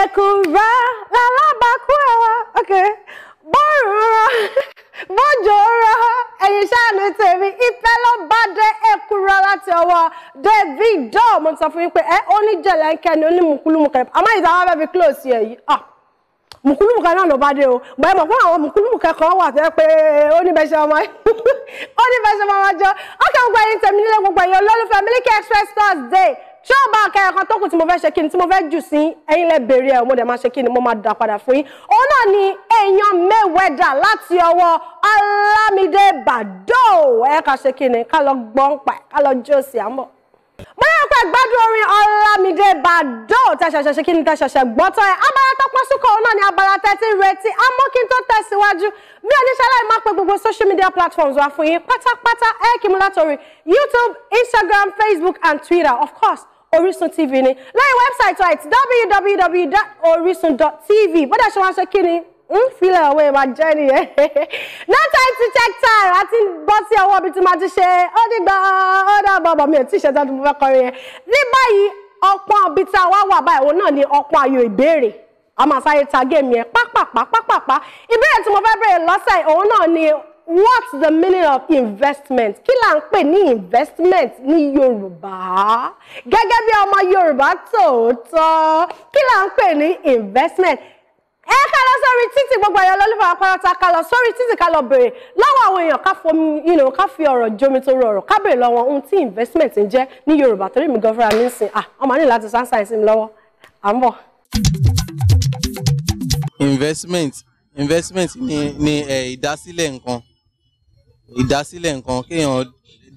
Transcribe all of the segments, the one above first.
ẹ̀kúnrà lálábàákú ẹ̀ wá bọ́ọ̀rù rọ bọ́jọ́ rọ ẹ̀yin ṣáàlú tèmi ìfẹ́ ló bá dé ẹ̀kúnrà láti ọwọ́ Davido mo sọ fún yín pé ẹ ó ní jẹ̀lẹ́ńkẹ́ ni ó ní mùkúlùmùkẹ́ àmọ́ close yẹ ah. Mukulu náà ló bá o gbọ́dọ̀ mọ̀ fún àwọn mùkúlùmùkẹ́ kan wà tẹ́ pé Oni ní bẹ́ẹ̀ ṣe ọmọ ó ní bẹ́ẹ̀ ṣe ọmọ wọn jọ ọkẹ́ gbogbo ẹ̀yin tèmi nílé gbogbo ẹ̀yin olólùfẹ́ Express Thursday ṣé ọba akẹ́yọ̀ kan tó kù tí mo fẹ́ ṣe kí ni tí mo fẹ́ jù sí ẹ̀yin lẹ ẹ̀ mo dẹ̀ máa ṣe kí ni mo máa dà padà fún yín òun náà ni èèyàn mẹ́wẹ́dà láti ọwọ́ Ọlámídé Bàdó ẹ ṣe kí ni ká lọ gbọ́n pa ká lọ jó sí àmọ́ bóyá pé gbádùn orin Ọlámídé Bàdó tẹ̀sẹ̀ṣẹ̀ ṣe kí ni tẹ̀sẹ̀ṣẹ̀ gbọ́tọ̀ ẹ̀ abala tó pọ́n súnkọ̀ òun náà ni abala tẹ́tí retí àmọ́ kí n tó tẹ̀síwájú bí oníṣẹ́láì máa pe gbogbo social media platforms wá fún yín pátápátá ẹ̀ kí mú látòrí YouTube Instagram Facebook and Twitter of course Orísun TV ni lórí wẹ́bsáìtì wa www.orisun.tv bọ́dà ṣe wá ṣe kí ni ń filẹ̀ ọ̀wọ́ ìwà jẹ́ nìyẹn no time to check time àti bọ́ sí ọwọ́ ibi tí ma ti ṣe ó dìgbà ó dàbọ̀ bọ̀ mi ò tí ì ṣe tó mo fẹ́ kọrin yẹn ní báyìí ọpọ́n ibi tá a wá wà báyìí òun náà ni ọpọ́n ayò ìbéèrè a máa sáré ta géèmù pápápá pápápá ìbéèrè tí mo fẹ́ béèrè lọ́sẹ̀ òun náà ni what's the meaning of investment kí là ń pè ní investment ní yorùbá gẹ́gẹ́ bí ọmọ yorùbá tòótọ́ kí là ń pè ní investment ẹ ká lọ sórí títì gbogbo ẹ̀yọ́ lọ́lọ́fà pátá ká lọ sórí títì ká lọ bèrè lọ́wọ́ àwọn èèyàn ká fọ you know ká fi ọ̀rọ̀ jomi torí ọ̀rọ̀ ká bèrè lọ́wọ́ ohun tí investment ń jẹ́ ní yorùbá torí mi gan fúnra mi ń sìn ah ọmọ nílò láti sáńsà ẹ̀ sí mi lọ́wọ́ à ń bọ̀. investment investment ni ni eh, ìdásílẹ̀ nǹkan ìdásílẹ̀ nǹkan kéèyàn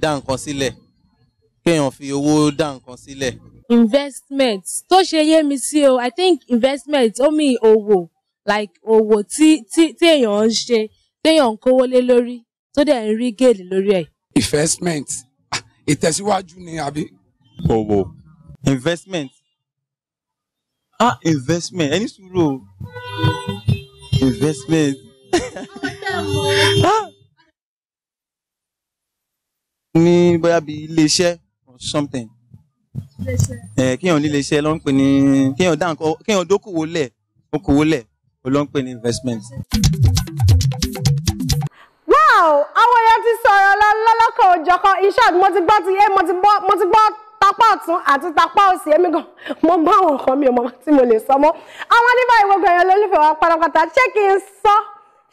dá nǹkan sílẹ̀ kéèyàn fi owó dá nǹkan sílẹ̀. investment tó ṣe yé mi sí o i think investment ó mi òwò like òwò tí tí tí èèyàn ń ṣe téèyàn ń kówó lé lórí tó dẹ̀ ń rí gèlè lórí ẹ̀. investment ah, ìtẹ̀síwájú ni àbí. òwò investment ah investment ẹni sùúrù o investment ah bóyá bíi iléeṣẹ́ or something eh, kéèyàn ní iléeṣẹ́ ló ń pè ní kéèyàn dá nǹkan kéèyàn dókòwò lẹ̀ okòwò lẹ̀ ló ń pè ní investment. wow àwọn èèyàn ti sọ̀rọ̀ lọ lọ́lọ́kan òjọ̀kan iṣẹ́ mo ti gbọ́ ti yé mo ti gbọ́ tapá ọ̀tún àti tapá òsì èmi gan mo gbọ́ àwọn nǹkan mi ò mọ tí mo lè sọ mọ́ àwọn oníbà ìwọ̀gbọ̀n èèyàn lólùfẹ́ wa pátápátá ṣé kí n sọ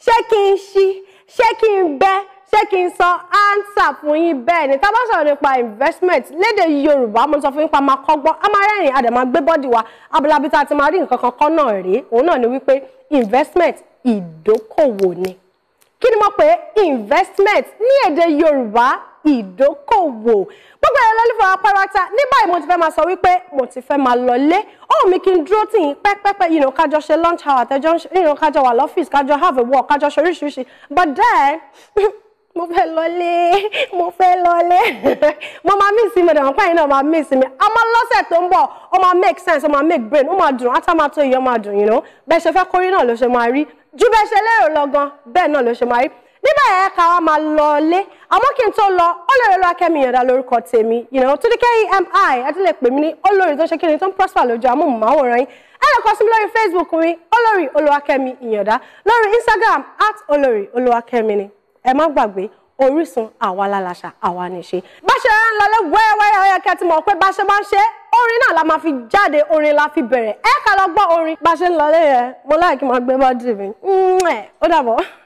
ṣé kí n ṣí ṣé kí n bẹ́ ṣé kí n sọ ánsà fún yín bẹ́ẹ̀ ni tá sọ̀rọ̀ nípa investment léde yorùbá mo sọ fún yín pa máa kọ́gbọ́n a máa rẹ́rìn àdè máa gbé bọ́dì wa abúlábí tá a ti máa rí nǹkan kan kọ́nà rèé òun náà ni wípé investment ìdókòwò ni kí ni mo pè investment ní èdè yorùbá ìdókòwò gbogbo ẹ̀rọ lọ́lífọ̀ apárátá ní báyìí mo ti fẹ́ máa sọ wípé mo ti fẹ́ máa lọlé ọ̀hún mi kí n dúró tì yín pẹ́pẹ́pẹ́ yìí náà kájọ ṣe lunch hour àtẹjọ́ yìí náà kájọ wà lọ́fíìsì kájọ have a walk kájọ ṣe oríṣiríṣi but then mo fẹ́ lọlé mo fẹ́ lọlé mo máa miss mi ọ̀dọ̀ pẹ́yìn náà máa miss mi àmọ́ lọ́sẹ̀ tó ń bọ̀ ó make sense ó máa make brain ó máa dùn átá máa tó ìyẹn máa dùn yìí ná bẹ́ẹ̀ ṣe fẹ́ kórí náà ló ṣe máa rí ju bẹ́ẹ̀ ṣe lérò lọ gan bẹ́ẹ̀ náà ló ṣe máa rí níbẹ̀ yẹn ká wá máa lọlé àmọ́ kí n tó lọ olórí ló akẹ́mi ìyànda lórúkọ tèmi TDKEMI ẹ ti lè pè mí ní olórí tó ṣe kí ni tó ń prosper lójú amóhùnmáwòrán yín ẹ lè kọ sí mi lórí Facebook mi olórí olúwakẹ́mi ìyànda lórí Instagram at olórí olúwakẹ́mi ni ẹ má gbàgbé Orísun àwa lálàṣà àwa níṣe. bá ṣe ń lọlé wẹ́rẹ́wẹ́rẹ́ ọyọ kẹ́ ti mọ̀ pé bá máa ń ṣe orin náà la máa fi jáde orin la fi bẹ̀rẹ̀ ẹ kà lọ gbọ́ orin bá ṣe ń lọlé yẹn mo láì kí n máa gbé bọ́ọ̀dì mi ó dàbọ̀.